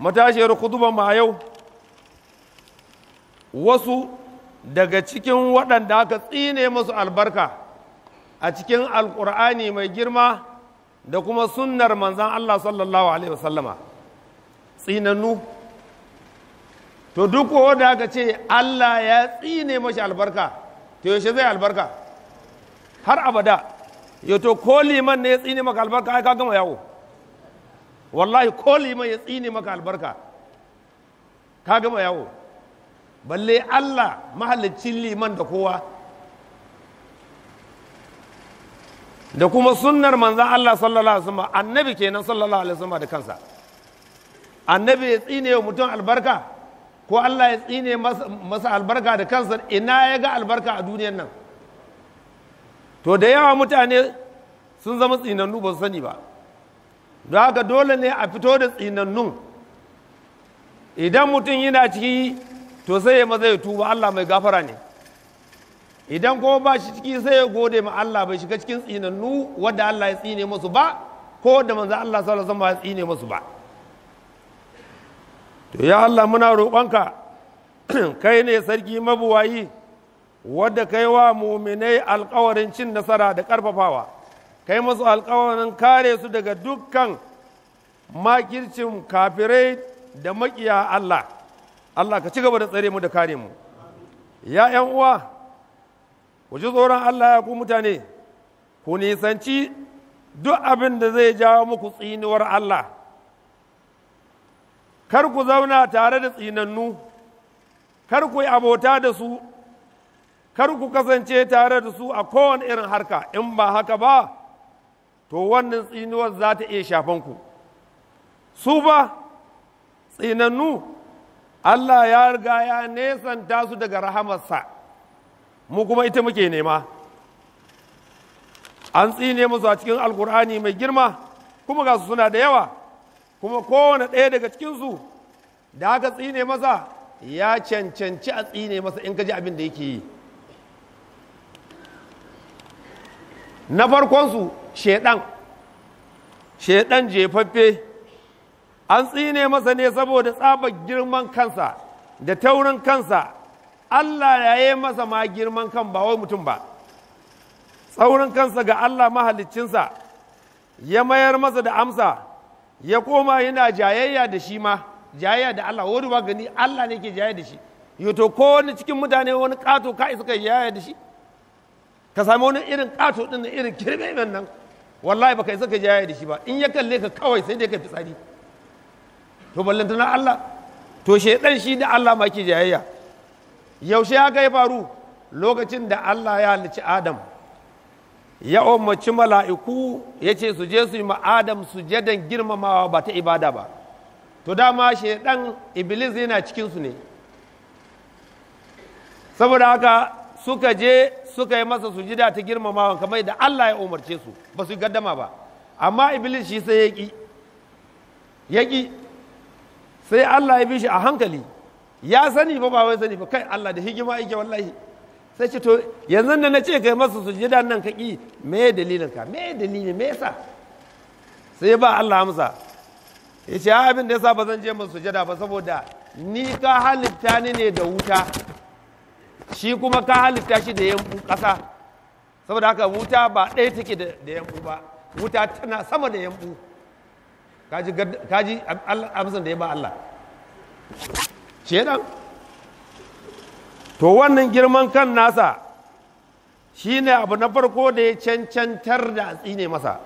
matashiyar kuduban ma yau wasu daga cikin waɗanda aka tsine masu albarka a cikin alƙur'ani mai girma da kuma sunnar manzan Allah sallallahu alaihi wasallama tsinannu to duk wanda aka ce Allah ya tsine mashi albarka to yaushe zai albarka har abada yato ko liman ne ya tsine maka albarka ai ka gama yawo wallahi ko liman ya tsine maka albarka ka gama yawo balle allah mahallicin liman da kowa da kuma sunnar manzan allah sallallahu alaihi wasallam annabi kenan sallallahu alaihi wasallam da kansa annabi ya tsine wa mutum albarka ko allah ya tsine masa albarka da kansa ina ya ga albarka a duniyar nan to da yawa mutane sun zama tsinannu ba su sani ba don haka dole ne a fito da tsinannun idan mutum yana ciki to sai ya maza ya tuba Allah mai gafara ne idan ko ba shi ciki sai ya gode ma Allah bai shiga cikin tsinannu wadda Allah ya tsine musu ba ko da manzo Allah sallallahu alaihi wasallam ya tsine musu ba to ya Allah muna roƙonka kai ne sarki mabuwayi wadda kai wa muminai alƙawarin cin nasara da ƙarfafawa kai masu alkawarin kare su daga dukkan makircin kafirai da makiya Allah Allah ka ci gaba da tsare mu da kare mu ya ƴan uwa ku ji tsoron Allah ya ku mutane ku nisanci duk abin da zai jawo muku tsinuwar Allah kar ku zauna tare da tsinannu kar ku yi abota da su kar ku kasance tare da su a kowane irin harka in ba haka ba to wannan tsinuwar za ta iya shafan ku su ba tsinannu Allah ya riga ya nesanta su daga rahamarsa mu kuma ita muke nema an tsine musu a cikin alkur'ani mai girma kuma ga su suna da yawa kuma kowane ɗaya daga cikinsu da aka tsine masa ya cancanci a tsine masa in ka ji abin da yake yi na farkonsu shaidan shaidan jefaffe an tsine masa ne saboda tsabar girman kansa da taurin kansa Allah ya yi masa ma girman kan ba wai mutum ba tsaurin kansa ga Allah mahaliccinsa ya mayar masa da amsa ya koma yana jayayya da shi ma jayayya da Allah wani ba gani Allah ne ke jayayya da shi yato ko wani cikin mutane wani kato ka isa ka jayayya da shi ka sami wani irin ƙato ɗin da irin kirmemen nan wallahi baka isa ka jaya da shi ba in ya kalle ka kawai sai dai ka fitsari to na Allah to shedan shi da Allah ma ke jayayya yaushe ya ga ya faru lokacin da Allah ya halicci Adam ya umarci mala'iku ya ce su je su yi ma'adam Adam sujadan girmamawa ba ta ibada ba to dama ɗan iblis yana cikinsu ne saboda haka suka je suka yi masa sujida ta girmamawa kamar da Allah ya umarce su ba su gaddama ba amma iblis shi sai ya ƙi ya ƙi sai Allah ya bi shi a hankali ya sani ba ba wai sani ba kai Allah da hikima yake wallahi sai ce to yanzu da na ce kai masa sujida nan ka ƙi me dalilin ka me dalilin me yasa sai ba Allah amsa ya ce abin da yasa ba zan je masa sujida ba saboda ni ka halitta ni ne da wuta shi kuma ka halitta shi da yambu ƙasa saboda haka wuta ba ɗaya take da yanku ba wuta tana sama da yanku kaji amsan da ya ba Allah shedan to wannan girman kan nasa shine abu na farko da ya cancantar da a tsine masa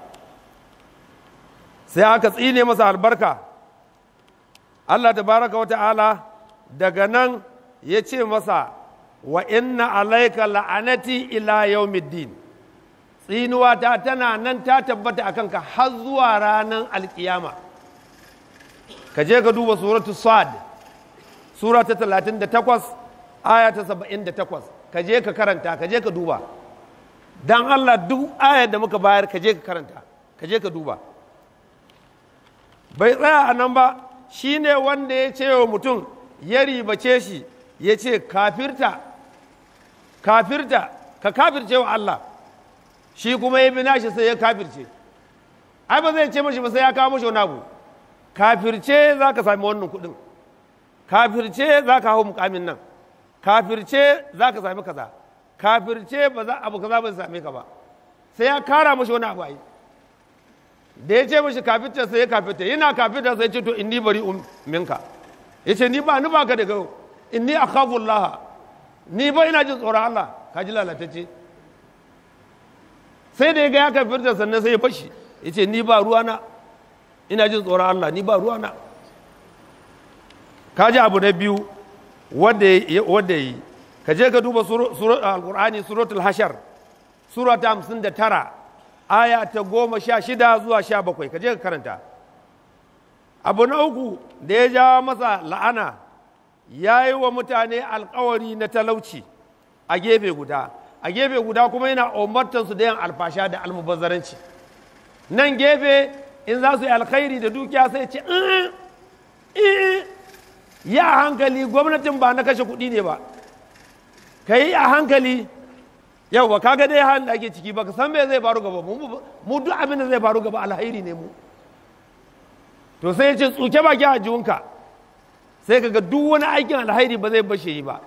sai aka tsine masa albarka Allah baraka wa ta'ala daga nan ya ce masa wa inna alaika la'anati ila yawmiddin tsinuwa ta tana nan ta tabbata akan ka har zuwa ranar alkiyama ka je ka duba suratu sad sura ta 38 aya ta 78 ka je ka karanta ka je ka duba dan Allah duk ayar da muka bayar ka je ka karanta ka je ka duba bai tsaya a nan ba shine wanda ya ce wa mutum ya ribace shi ya ce kafirta kafirta ka kafirce wa Allah shi kuma ya bi nashi sai ya kafirce ai ba zai ce mashi ba sai ya kawo mashi wani abu kafirce za ka sami wannan kuɗin kafirce za ka hau mukamin nan kafirce za ka sami kaza kafirce ba za abu kaza ba zai same ka ba sai ya kara mashi wani abu ai da ya ce mashi kafirce sai ya kafirce yana kafirta sai ce to inni bari minka ya ce ni ba ni ba ka daga inni akhafu Allah ni ba ina jin tsoron Allah ka ji lalatacce sai da ya ga ya kafirta sannan sai ya fashi ya ce ni ba ruwana ina jin tsoron Allah ni ba ruwana ka ji abu na biyu wadda yi ka je ka duba alkur'ani suratul hashar surata hamsin da tara aya ta goma sha shida zuwa sha bakwai ka je ka karanta abu na uku da ya jawa masa la'ana ya yi wa mutane alkawari na talauci a gefe guda a gefe guda kuma yana su da 'yan alfasha da almubazzaranci nan gefe in za su yi alkhairi da dukiya sai ce ya hankali gwamnatin ba na kashe kuɗi ne ba ka yi a hankali yauwa kaga dai halin da ake ciki ba ka san me zai faru gaba mu duk abin da zai faru gaba alhairi ne mu to sai ya ce tsuke baki a jiwunka sai kaga duk wani aikin alhairi ba zai bashe shi ba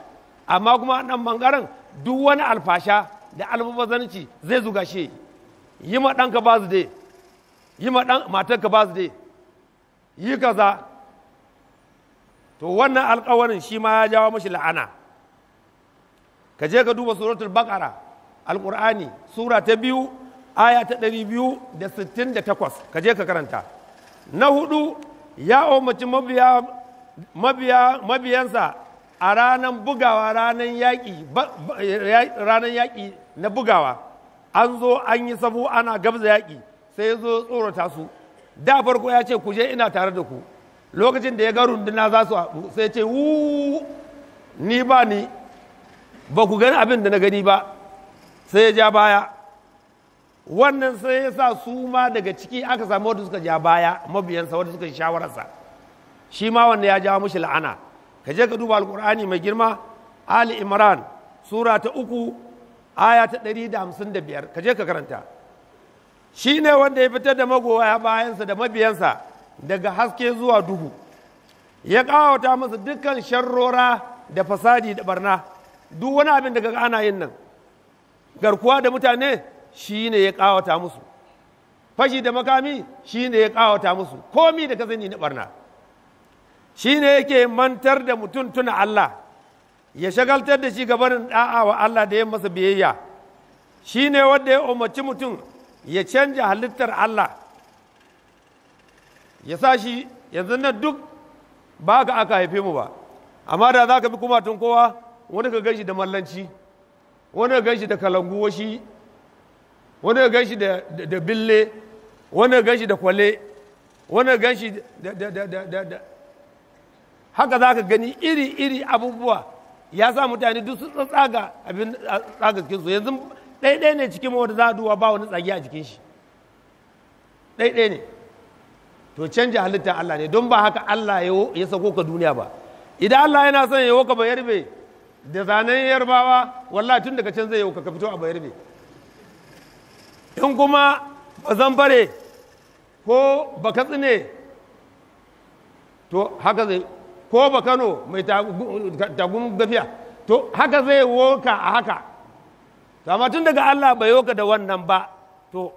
amma kuma nan bangaren duk wani alfasha da almubazanci zai zuga shi yi ma ɗanka ba su dai yi ma ɗan matarka ba su dai yi kaza to wannan alkawarin shi ma ya jawo mashi la'ana ka je ka duba suratul bakara alkur'ani sura ta biyu aya ta ɗari biyu da sittin da takwas ka je ka karanta na hudu ya umarci mabiya mabiyansa a ranar bugawa ranar yaƙi ranar yaƙi na bugawa an zo an yi sabu ana gabza yaƙi sai ya zo tsorata su da farko ya ce ku je ina tare da ku lokacin da ya ga runduna za su haɗu sai ce wuuu ni ba ni ba ku gani abin da na gani ba sai ya ja baya wannan sai ya sa su ma daga ciki aka samu wadda suka ja baya mabiyansa wadda suka shawararsa shi ma wanda ya jawo mushi la'ana ka je ka duba alkur'ani mai girma ali imran sura ta uku aya ta ɗari da hamsin da biyar ka je ka karanta shi ne wanda ya fitar da magoya bayansa da mabiyansa daga haske zuwa duhu ya kawata masa dukkan sharrora da fasadi da barna duk wani abin da kaga ana yin nan garkuwa da mutane shi ne ya kawata musu fashi da makami shi ne ya kawata musu komi da ka zani na barna shi ne yake mantar da mutum tuna Allah ya shagaltar da shi gabanin da'a wa Allah da ya masa biyayya shi ne wanda ya umarci mutum ya canja halittar Allah ya sa shi yanzu na duk ba ka aka haife mu ba amma da za ka bi kuma tun kowa wani ka gaishe da mallanci wani ka gaishe da kalangu washi wani ka gaishe da bille wani ka gaishe da kwale wani ka da, da haka za ka gani iri-iri abubuwa ya sa mutane duk su tsaga abin tsaga su yanzu ɗaiɗai ne cikin wata duwa ba wani tsagi a jikin shi ɗaiɗai ne to canja halittar Allah ne don ba haka Allah ya sako ka duniya ba idan Allah yana son ya ka bayarbe da zanen yarbawa wallahi tun daga can zai yau ka fito a bayarbe in kuma ba zan bare ko ba tsine to haka zai ko ba kano mai tagun gafiya to haka zai woka a haka amma tun daga allah bai yoka da wannan ba to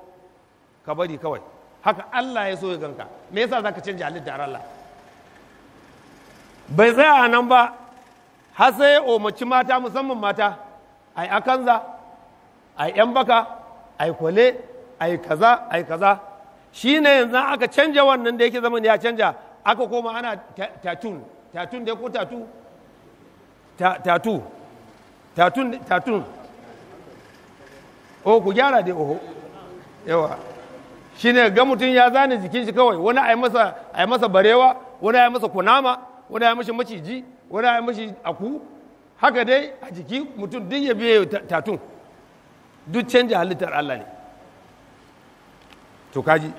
ka bari kawai haka allah ya so ya ganka me yasa za ka canja a allah bai tsaya a nan ba har sai ya omaci mata musamman mata ai akanza ai yan baka ai kwale ai kaza ai kaza shine yanzu aka canja wannan da yake zaman ya canja aka koma ana tatun tatun dai ko tatu tatu tatun tatun o oh, ku gyara dai oho yawa shine ga mutum ya zane jikin shi kawai wani a yi masa a masa barewa wani a yi masa kunama wani a yi mashi maciji wani a yi mashi aku haka dai a jiki mutum duk ya biye tatun duk canji halittar Allah ne to kaji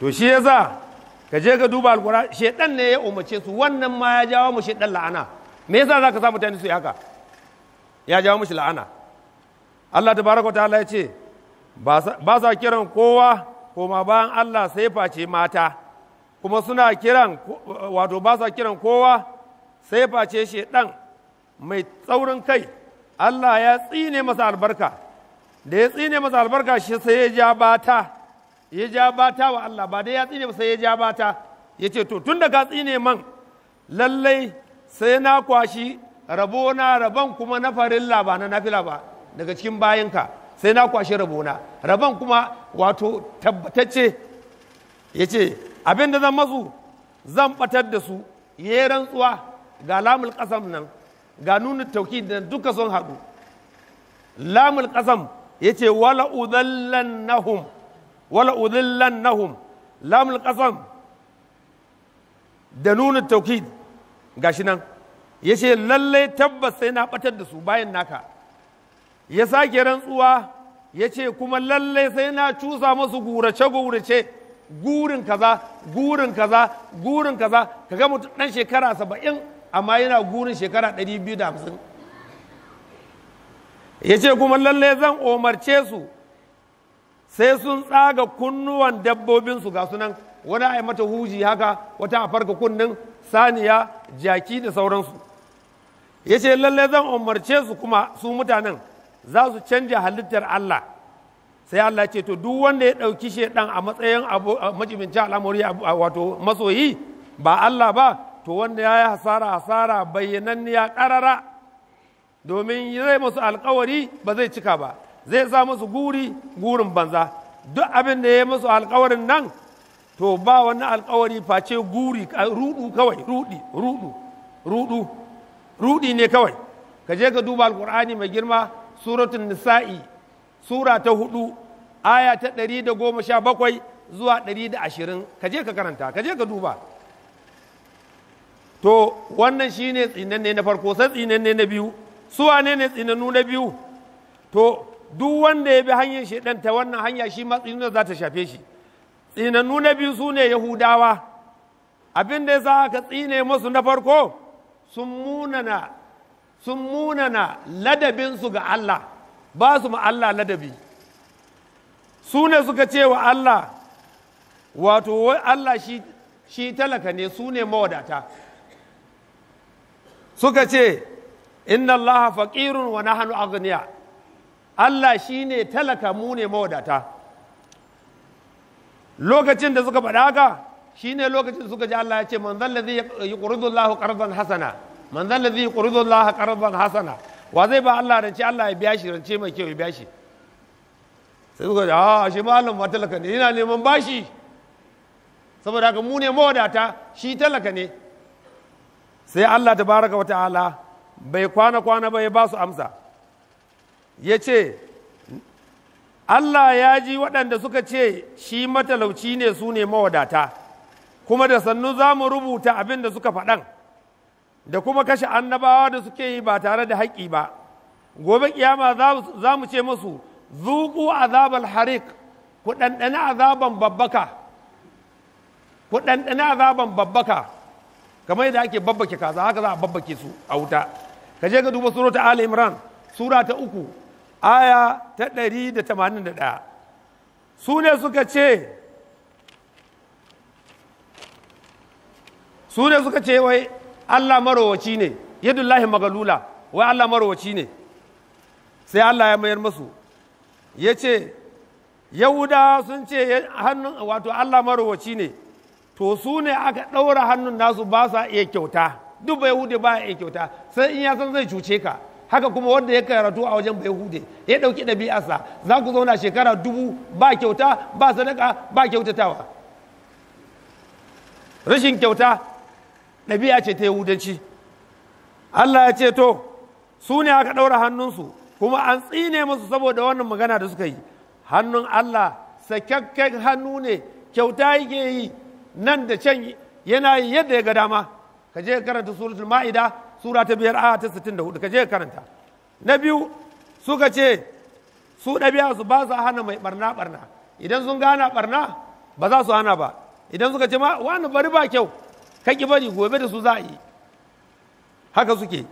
to shi ya za ka je ka duba alkura shaidan ne ya umarce su wannan ma ya jawo mu shaidan la'ana me yasa za ka sa mutane su yi haka ya jawo mu la'ana Allah ta Allah ya ce ba sa kiran kowa koma bayan Allah sai face mata kuma suna kiran wato ba sa kiran kowa sai face shaidan mai tsaurin kai Allah ya tsine masa albarka da ya tsine masa albarka shi sai ya ja bata ya ja bata wa Allah ba dai ya tsine ba sai ya ja bata ya ce to tun da ka tsine man lallai sai na kwashi rabona rabon kuma na farin ba na nafila ba daga cikin bayanka sai na kwashi rabona rabon kuma wato tabbatacce ya ce abinda da zan matsu zan batar da su ya yi rantsuwa ga lamul kasam nan ga nuna tauki da duka sun haɗu lamul kasam ya ce wala nahum wala nahum lamul qasam da nuna taukid gashi nan yace ce lallai tabbas sai na batar da su bayan naka ya sake rantsuwa yace kuma lallai sai na cusa musu gurace-gurace gurin kaza gurin kaza gurin kaza ka ga mutum ɗan shekara saba'in amma yana gurin shekara ɗari biyu da hamsin ya kuma lallai zan umarce su sai sun tsaga kunnuwan dabbobinsu ga sunan wani a mata huji haka wata a farka kunnin saniya jaki da sauransu ya ce lallai zan umarce su kuma su mutanen za su canja halittar Allah sai Allah ce to duk wanda ya ɗauki shaidan a matsayin majibincin al'amari wato masoyi ba Allah ba to wanda ya yi hasara hasara bayyananniya ƙarara domin zai musu alkawari ba zai cika ba zai sa musu guri gurin banza duk abin da ya musu alkawarin nan to ba wani alkawari face guri rudu kawai rudi rudu rudu rudi ne kawai ka je ka duba alkur'ani mai girma suratun nisa'i sura ta hudu aya ta ɗari da goma sha bakwai zuwa ɗari da ashirin ka je ka karanta ka je ka duba to wannan shine tsinanne na farko sai tsinanne na biyu suwa ne ne tsinannu na biyu to duk wanda ya bi hanyar shaidan ta wannan hanya shi ma nuna za ta shafe shi tsinannu na biyu su ne yahudawa abin da ya sa aka tsine musu na farko sun munana sun munana ladabinsu ga Allah ba su ma Allah ladabi su ne suka ce wa Allah wato Allah shi talaka ne su ne mawadata suka ce inna allaha faqirun wa nahnu aghniya Allah shi ne talaka mu ne mawadata lokacin da suka faɗa haka shi ne lokacin da suka ji Allah ya ce man zan lazi yi ƙuridullahu ƙarzan hasana man zan lazi yi ƙuridullahu ƙarzan hasana wa zai ba Allah rance Allah ya biya shi rance mai kyau ya biya shi sai suka ji a shi malam ma talaka ne yana neman bashi saboda haka mu ne mawadata shi talaka ne sai Allah tabaraka wa ta'ala bai kwana kwana ba ya ba su amsa ya ce Allah ya ji waɗanda suka ce shi matalauci ne su ne mawadata kuma da sannu za mu rubuta abin da suka faɗan da kuma kashe annabawa da suke yi ba tare da haƙƙi ba gobe ƙiyama za mu ce musu zuku azabal harik ku ɗanɗani azaban babbaka ku ɗanɗani azaban babbaka kamar yadda ake babbake kaza haka za a babbake su a wuta ka je ka duba surata ali imran sura ta uku aya ta ɗaya su ne suka ce su ne suka ce wai Allah marowaci ne yadullahi magalula wai Allah marowaci ne sai Allah ya mayar musu ya ce yahuda sun ce hannun wato Allah marowaci ne to su ne aka ɗaura hannun nasu ba sa iya kyauta duk ba yahudi ba iya kyauta sai in ya san zai cuce ka haka kuma wanda ya karatu a wajen bai hude ya ɗauki ɗabi'arsa za ku zauna shekara dubu ba kyauta ba sadaka ba kyautatawa rashin kyauta ɗabi'a ce ta yahudanci allah ya ce to su ne aka ɗaura hannunsu kuma an tsine musu saboda wannan magana da suka yi hannun allah sakakken hannu ne kyauta yake yi nan da can yana yi yadda ya ga dama ka je karanta suratul ma'ida sura ta biyar aya ta sittin da hudu ka je karanta na biyu suka ce su ɗabi'a su ba su hana mai barna barna idan sun gana barna ba za su hana ba idan suka ce ma wani bari ba kyau ka ki bari gobe da su za a yi haka suke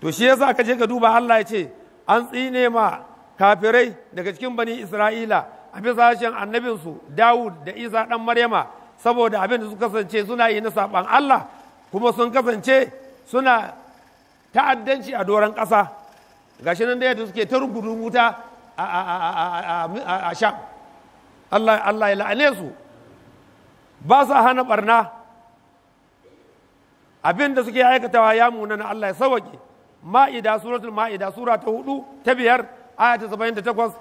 to shi yasa ka je ka duba Allah ya ce an tsine ma kafirai daga cikin bani Isra'ila a bisa sashen annabinsu Dawud da Isa ɗan Maryama saboda abin da su kasance suna yi na saban Allah kuma sun kasance suna ta'addanci a doron ƙasa gashi nan da yadda suke ta rubutu wuta a sham Allah ya la'ane su ba su hana barna abin da suke aikatawa ya munana Allah ya sawake ma'ida suratul ma'ida sura ta hudu ta biyar ayata saba'in da takwas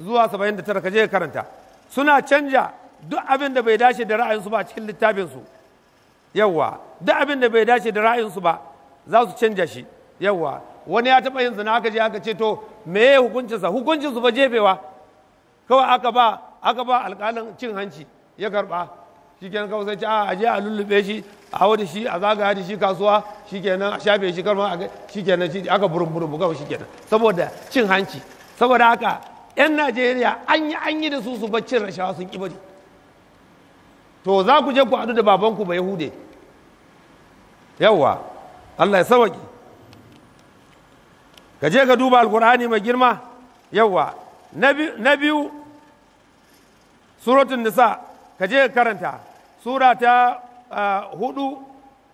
zuwa saba'in da tara kaje karanta suna canja duk abin da bai dace da ra'ayinsu ba cikin littafinsu Yawwa duk abin da bai dace da ra'ayinsu ba za su canja shi Yawwa wani ya taɓa yin zina aka je aka ce to me ya hukuncinsa hukuncinsu ba jefewa kawai aka ba aka ba alƙalin cin hanci ya karɓa kenan kawai sai ce a aje a lullube shi a da shi a zagaya da shi kasuwa kenan a shafe shi karma a kenan shi aka burin burin shi kenan saboda cin hanci saboda haka yan Najeriya an yi an yi da su su bacci rashawa sun ƙi bari to za ku je ku haɗu da babanku ba Yahude yawwa Allah ya sawaki ka je ka duba alkur'ani mai girma yawwa na biyu suratun nisa ka je karanta sura ta ah, hudu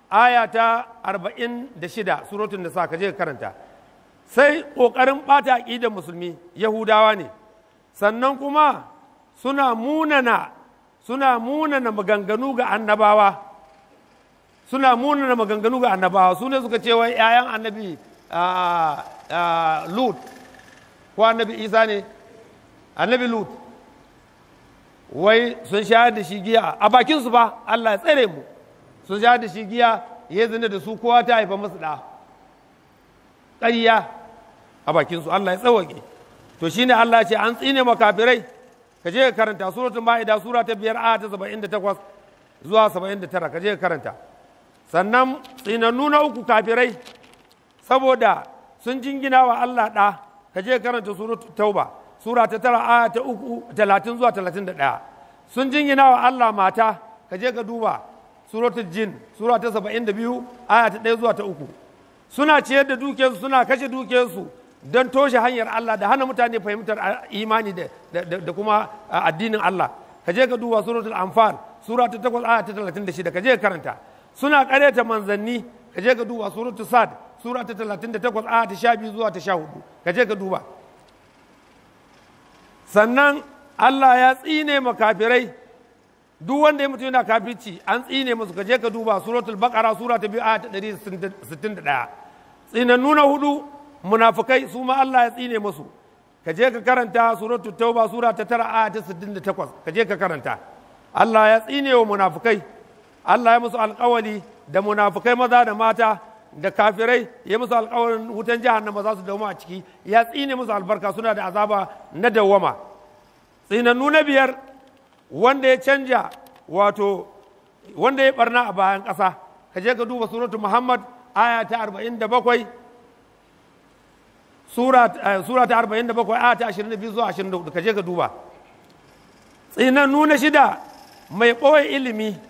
aya ta arba'in da shida suratun nisa ka je karanta sai ƙoƙarin ɓata aƙidar musulmi yahudawa ne sannan kuma suna munana suna munana maganganu ga annabawa suna munana maganganu ga annabawa su ne suka ce wai 'ya'yan annabi lut ko annabi isa ne annabi lut wai sun sha da shi giya a bakinsu ba allah ya tsare mu sun sha da shi giya ya zina da su kowa ta haifa masu ɗa ƙarya a bakinsu allah ya tsawake to shine allah ce an tsine makafirai ka je ka karanta suratul ma'ida sura ta biyar a ta saba'in da takwas zuwa saba'in da tara ka je ka karanta sannan tsinannu na uku kafirai saboda sun jingina wa Allah ɗa ka je karanta suratu tauba sura ta tara aya ta uku talatin zuwa talatin da ɗaya sun jingina wa Allah mata ka je ka duba suratul jin sura ta saba'in da biyu aya ta ɗaya zuwa ta uku suna ciyar da dukiyarsu suna kashe dukiyarsu don toshe hanyar Allah da hana mutane fahimtar imani da kuma addinin Allah ka je ka duba suratul anfal sura ta takwas aya ta talatin da shida ka je ka karanta suna karyata manzanni ka je ka duba suratul sad sura ta 38 a ta 12 zuwa ta 14 ka je ka duba sannan Allah ya tsine makafirai duk wanda ya mutu yana kafirci an tsine musu ka je ka duba suratul baqara sura ta 2 a ta 161 tsinannu nuna hudu munafikai su ma Allah ya tsine musu ka je ka karanta suratul tauba sura ta 9 a ta 68 ka je ka karanta Allah ya tsine wa munafikai Allah ya musu alƙawali da munafukai maza da mata da kafirai ya musu alƙawarin wutan jahannama za su dawoma a ciki ya tsine musu albarka suna da azaba na dawwama tsinannu na biyar wanda ya canja wato wanda ya barna a bayan ƙasa ka je ka duba suratu muhammad aya ta arba'in da bakwai sura eh, ta arba'in da bakwai aya ta ashirin da biyu zuwa ashirin da hudu ka je ka duba tsinannu na shida mai ɓoye ilimi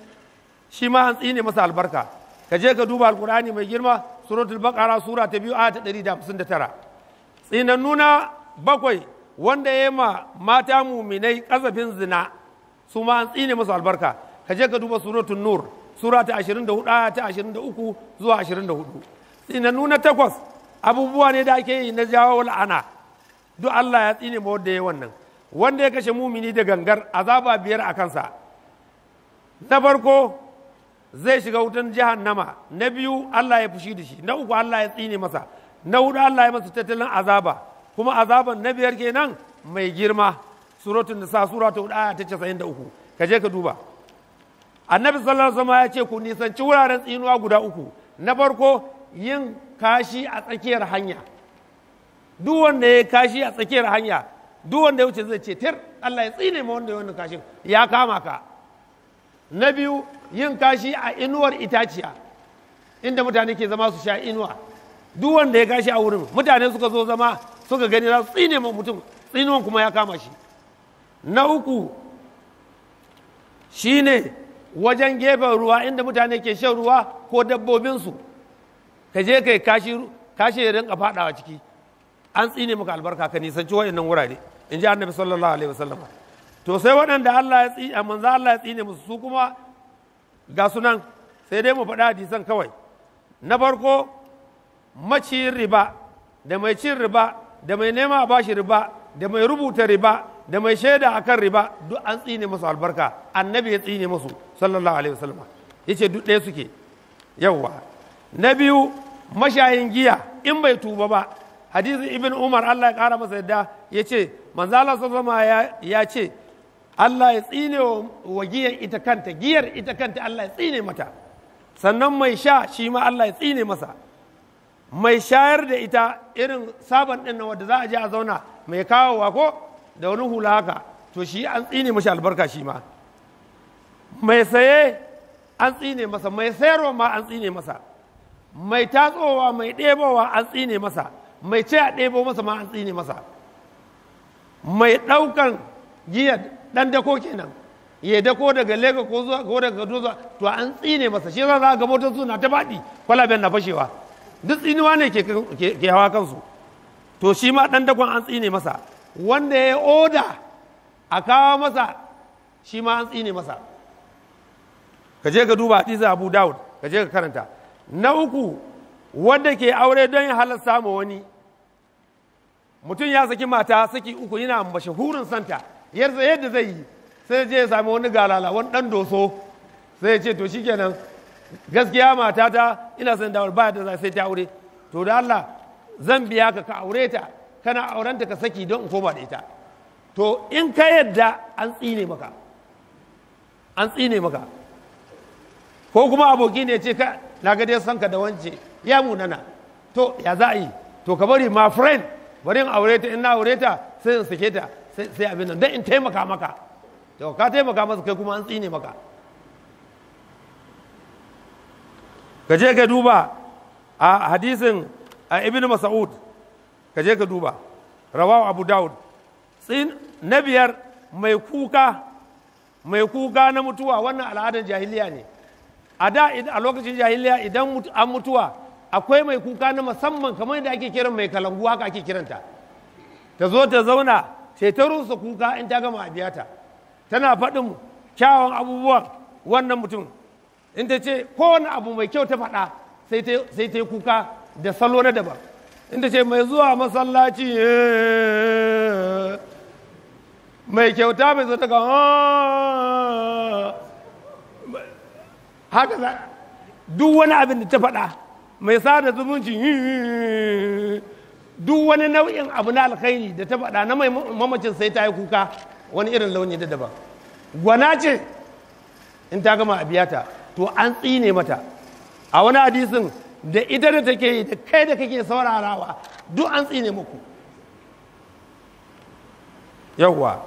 shi ma hantsi ne masa albarka ka je ka duba alkur'ani mai girma suratul baqara sura ta biyu aya ta 159 tsinan nuna bakwai wanda ya ma mata muminai kazafin zina su ma hantsi ne masa albarka ka je ka duba suratul nur sura ta 24 aya ta 23 zuwa 24 tsinan nuna takwas abubuwa ne da ake yi na jawo la'ana duk Allah ya tsine ma wanda ya wannan wanda ya kashe mumini da gangar azaba biyar a kansa na farko zai shiga wutan nama na biyu Allah ya fushi da shi na uku Allah ya tsine masa na hudu Allah ya masa tattalin azaba kuma azaban na biyar kenan mai girma suratun nisa sura ta hudu aya ta casa'in da uku ka je ka duba annabi sallar alaihi ya ce ku nisanci wuraren tsinuwa guda uku na farko yin kashi a tsakiyar hanya duk wanda ya kashi a tsakiyar hanya duk wanda ya wuce zai ce tir Allah ya tsine ma wanda ya wannan kashin ya kama ka na biyu yin kashi a inuwar itaciya inda mutane ke zama su sha inuwa duk wanda ya kashi a wurin mutane suka zo zama suka gani za su tsine mutum tsinuwan kuma ya kama shi na uku shi ne wajen gefen ruwa inda mutane ke shan ruwa ko dabbobinsu ka je kai kashi kashi ya rinka faɗawa ciki an tsine maka albarka ka nisanci wa'annan wurare in ji annabi sallallahu alaihi wasallam to sai waɗanda Allah ya tsine manzo Allah ya tsine musu su kuma ga sunan sai dai mu faɗa hadisan kawai na farko maciyin riba da mai cin riba da mai nema a bashi riba da mai rubuta riba da mai shaida a kan riba duk an tsine musu albarka annabi ya tsine musu sallallahu alaihi wasallam yace duk ɗaya suke yawwa na biyu mashayin giya in bai tuba ba hadisi ibn umar Allah ya kara masa yadda ya ce manzo Allah ya ce Allah ya tsine wa giyar ita kanta giyar ita kanta Allah ya tsine mata sannan mai sha shi ma Allah ya tsine masa mai shayar da ita irin sabon ɗin na wanda za a je a zauna mai kawowa ko da wani hula haka to shi an tsine masa albarka shi ma mai saye an tsine masa mai sayarwa ma an tsine masa mai tatsowa mai ɗebowa an tsine masa mai ce a ɗebo masa ma an tsine masa mai ɗaukan giyar dan dako kenan ya dako daga lega ko zuwa ko daga kaduna to an tsine masa shi yasa za ga motar suna ta fadi kwalaben na fashewa duk tsinuwa ne ke hawa kansu to shi ma dan dakon an tsine masa wanda ya oda a kawo masa shi ma an tsine masa ka je ka duba hadisi abu dawud ka je ka karanta na uku wanda ke aure don ya halar samu wani mutum ya saki mata saki uku yana mashahurin santa yarsa yadda zai yi sai je ya sami wani galala wani dan doso sai ya ce to shikenan gaskiya matata ina son dawar ba da sai ta aure to da Allah zan biya ka ka aure ta kana aurenta ka saki don in koma da ita to in ka yadda an tsine maka an tsine maka ko kuma aboki ne ce ka na ga dai san ka da wance ya munana to ya za a yi to ka bari ma friend bari in aure ta in na aure ta sai in sake ta sai abin nan don in taimaka maka to ka taimaka masa kai kuma an tsine maka ka je ka duba a hadisin a ibn mas'ud ka je ka duba rawahu abu daud tsin na biyar mai kuka mai kuka na mutuwa wannan al'adar jahiliya ne a da a lokacin jahiliya idan an mutuwa akwai mai kuka na musamman kamar da ake kiran mai kalangu haka ake kiranta ta zo ta zauna sai ta rusa kuka in ta gama biya ta tana faɗin kyawun abubuwan wannan mutum in ta ce kowane abu mai kyau ta faɗa sai ta yi kuka da salo na daban in ta ce mai zuwa masallaci eh, mai kyauta mai zo daga ah. haka duk wani abin da ta faɗa mai sada zumunci eh. duk wani nau'in abu na alkhairi da ta faɗa na mamacin sai ta yi kuka wani irin launi da daban gwana ce in ta gama a biyata to an tsine mata a wani hadisin da ita da take yi da kai da kake saurarawa duk an tsine muku yawwa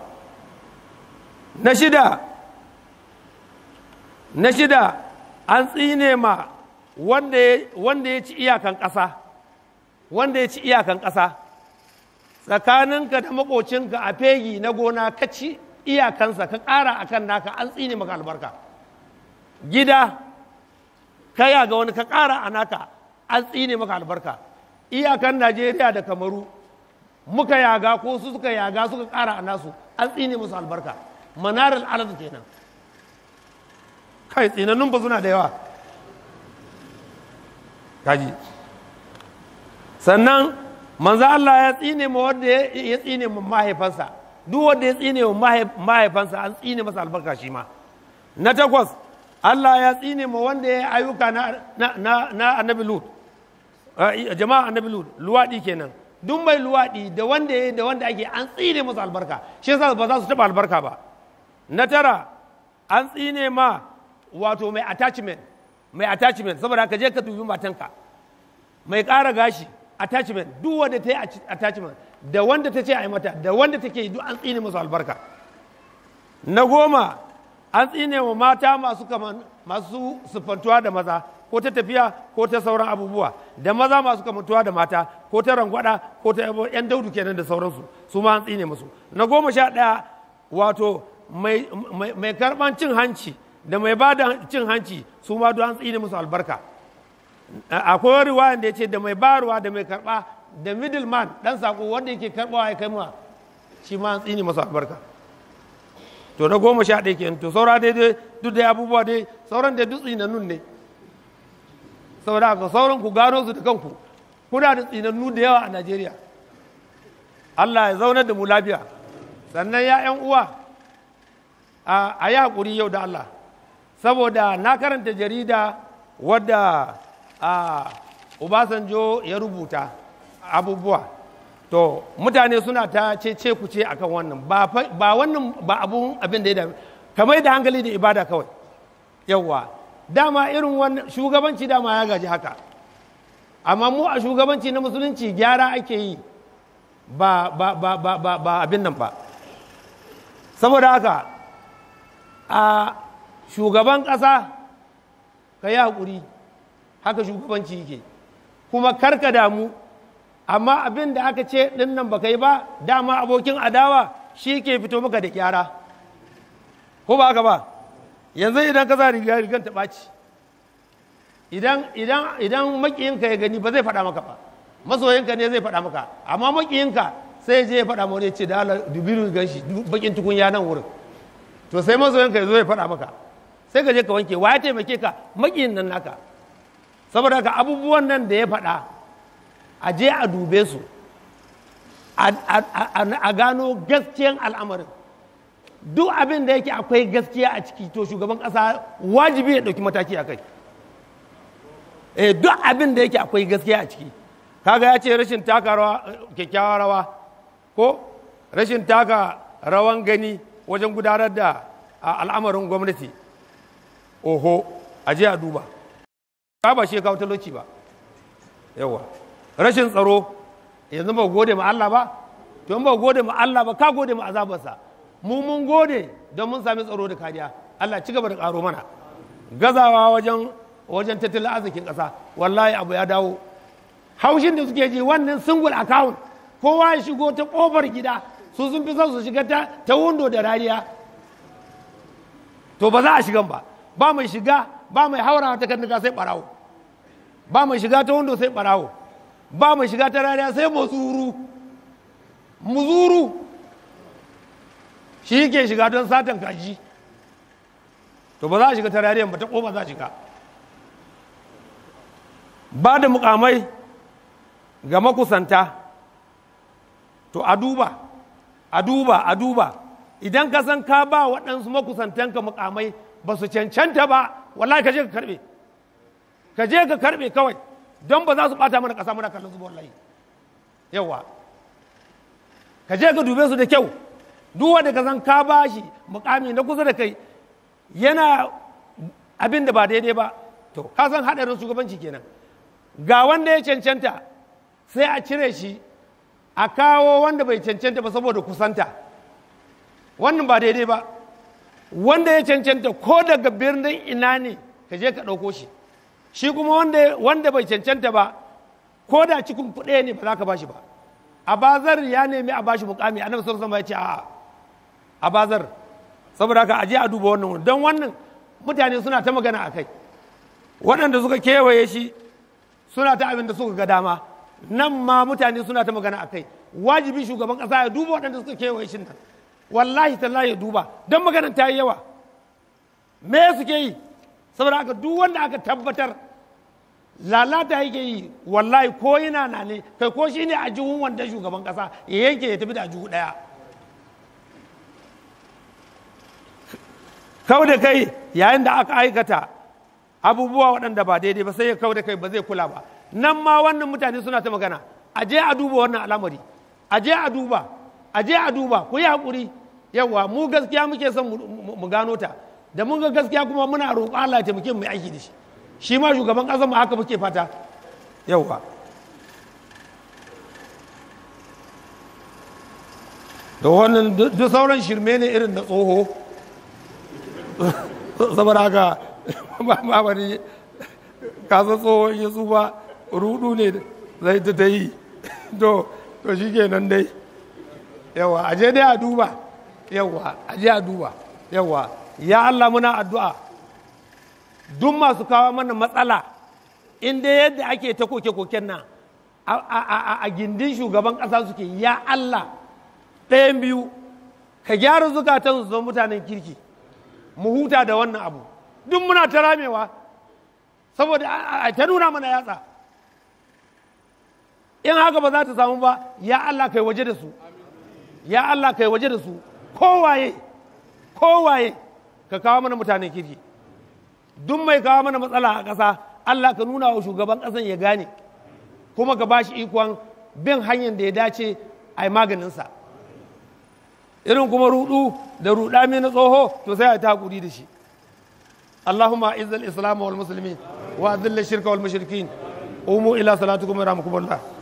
na shida na shida an tsine ma wanda ya ci iyakan ƙasa wanda ya ci iyakan ƙasa tsakaninka da maƙocinka a fegi na gona ka ci iyakansa ka ƙara a kan naka an tsine maka albarka gida ya ga wani ka ƙara a naka an tsine maka albarka iyakan najeriya da kamaru muka yaga ko su suka yaga suka ƙara a nasu an tsine musu albarka manarar alazu kenan kai tsinanin ba suna da yawa kaji sannan manzo Allah ya tsine ma wanda ya tsine ma mahaifansa duk wanda ya tsine ma mahaifansa an tsine masa albarka shi ma na takwas Allah ya tsine ma wanda ya ayyuka na na na annabi Lut ah, jama'a annabi Lut luwadi kenan duk mai luwaɗi da wanda ya da wanda ake an tsine musu albarka shi yasa ba za su taɓa albarka ba na tara an tsine ma wato mai attachment mai attachment saboda ka je ka dubi matanka mai ƙara gashi attachment duk wanda ta yi attachment da wanda ta ce a yi mata da wanda take yi duk an tsine musu albarka na goma an tsine wa mata masu kaman masu sufantuwa da maza ko ta tafiya ko ta sauran abubuwa da maza masu kamantuwa da mata ko ta rangwada ko ta yan daudu kenan da sauransu su ma an tsine musu na goma sha ɗaya wato mai karban cin hanci da mai ba da cin hanci su ma duk an tsine musu albarka akwai riwayan da ya ce da mai bayarwa da mai karba da middleman dan sako wanda yake karbawa ya kai ma shi ma an tsini masa albarka to na goma sha ɗaya kenan to saura daidai duk da abubuwa dai sauran da dutsi na nun ne saboda haka sauran ku gano su da kanku kuna da tsinannu da yawa a najeriya allah ya zaunar da mu lafiya sannan ya yan uwa a yi haƙuri yau da allah saboda na karanta jarida wadda a obasanjo ya rubuta abubuwa to mutane suna ta ce ku ce akan wannan ba wannan ba abun abin da ya dame kamar da hankali da ibada kawai yawwa dama irin wannan shugabanci dama ya gaji haka amma mu a shugabanci na musulunci gyara ake yi ba ba ba ba ba ba abin nan ba saboda haka a shugaban ƙasa ka yi haƙuri haka shugabanci yake kuma karka damu amma abin da aka ce dinnan nan baka yi ba dama abokin adawa shi ke fito maka da kyara ko ba haka ba yanzu idan ka za riga rigan ta ɓaci idan idan idan makiyinka ya gani ba zai faɗa maka ba masoyinka ne zai faɗa maka amma makiyinka sai je ya faɗa ma wani ya ce da ala dubiru gan shi bakin tukunya nan wurin to sai masoyinka ya zo ya faɗa maka sai ka je ka wanke wa ya taimake ka makiyin nan naka saboda ga abubuwan nan da ya faɗa a je a dube su a gano gaskiyan al'amarin duk abin da yake akwai gaskiya a ciki to shugaban ƙasa wajibi ya ɗauki mataki a kai eh, duk abin da yake akwai gaskiya a ciki kaga ya ce rashin taka rawa kyakkyawar rawa ko rashin taka rawan gani wajen gudanar da al'amarin gwamnati oho a je a duba ba ba shi ya kawo talauci ba yawa rashin tsaro yanzu ba gode ma Allah ba to ba gode ma Allah ba ka gode ma azabarsa mu mun gode don mun sami tsaro da kariya Allah ci gaba da karo mana gazawa wajen wajen tattalin arzikin ƙasa wallahi abu ya dawo haushin da suke ji wannan single account kowa ya shigo ta ƙofar gida su sun fi son su shiga ta ta window da rariya to ba za a shigan ba ba mai shiga ba mai haurawa ta kan sai barawo ba mai shiga ta wando sai barawo ba mai shiga ta rariya sai muzuru muzuru shi ke shiga don satan kaji to ba za a shiga ta rariyan ba ta ko ba za a shiga ba da mukamai ga makusanta to a duba a duba a duba idan ka san ka ba waɗansu makusantanka mukamai ba su cancanta ba wallahi ka je ka karɓe ka je ka karbe kawai don ba za su bata mana ƙasa muna kallon su layi yawa ka je ka dube su da kyau duk wanda ka san ka bashi mukami na kusa da kai yana abin da ba daidai ba to ka san haɗarin shugabanci kenan ga wanda ya cancanta sai a cire shi a kawo wanda bai cancanta ba saboda kusanta wannan ba daidai ba wanda ya cancanta ko daga birnin ina ne ka je ka ɗauko shi shi kuma wanda wanda bai cancanta ba ko da cikin kuɗe ne ba za ka bashi ba abazar ya nemi a bashi mukami a nan alaihi ya ce a'a abazar saboda haka aje a duba wannan don wannan mutane suna ta magana a kai waɗanda suka kewaye shi suna ta abin da suka ga dama nan ma mutane suna ta magana a kai wajibi shugaban ƙasa ya duba waɗanda suka kewaye shi nan wallahi tallahi ya duba don maganar ta yi yawa me suke yi saboda haka duk wanda aka tabbatar lalata yake yi wallahi ko yana na ne kai ko shi ne a jihun wanda shugaban kasa ya yanke ya tafi da jihu daya kau da kai yayin da aka aikata abubuwa waɗanda ba daidai ba sai ya kau da kai ba zai kula ba nan ma wannan mutane suna ta magana a je a duba wannan al'amari a a duba a a duba ku yi haƙuri yawa mu gaskiya muke son mu gano ta da mun ga gaskiya kuma muna roƙo Allah ya taimake mu mai aiki da shi shi ma shugaban ƙasar mu haka muke fata yauwa da wannan duk sauran shirme ne irin na tsoho saboda haka ba ma wani kasar tsoho ya tsufa rudu ne zai ta ta yi to to shi kenan dai yauwa aje dai a duba yauwa aje a duba yauwa ya Allah muna addu'a duk masu kawo mana matsala Inda yadda ake ta koke-koken nan a gindin shugaban ƙasa suke ya Allah ɗayan biyu ka gyara zukatan su zama mutanen kirki mu huta da wannan abu duk muna ta ramewa saboda a ta nuna mana yatsa in haka ba za ta samu ba ya Allah kai waje da su ya Allah kai waje da su kowaye kowaye ka kawo mana mutanen kirki duk mai kawo mana matsala a ƙasa Allah ka nuna wa shugaban ƙasan ya gane kuma ka bashi ikon bin hanyar da ya dace a yi maganinsa irin kuma rudu da rudami na tsoho to sai a ta hakuri da shi اللهم اعز الاسلام والمسلمين واذل الشرك والمشركين قوموا salatu صلاتكم يرحمكم الله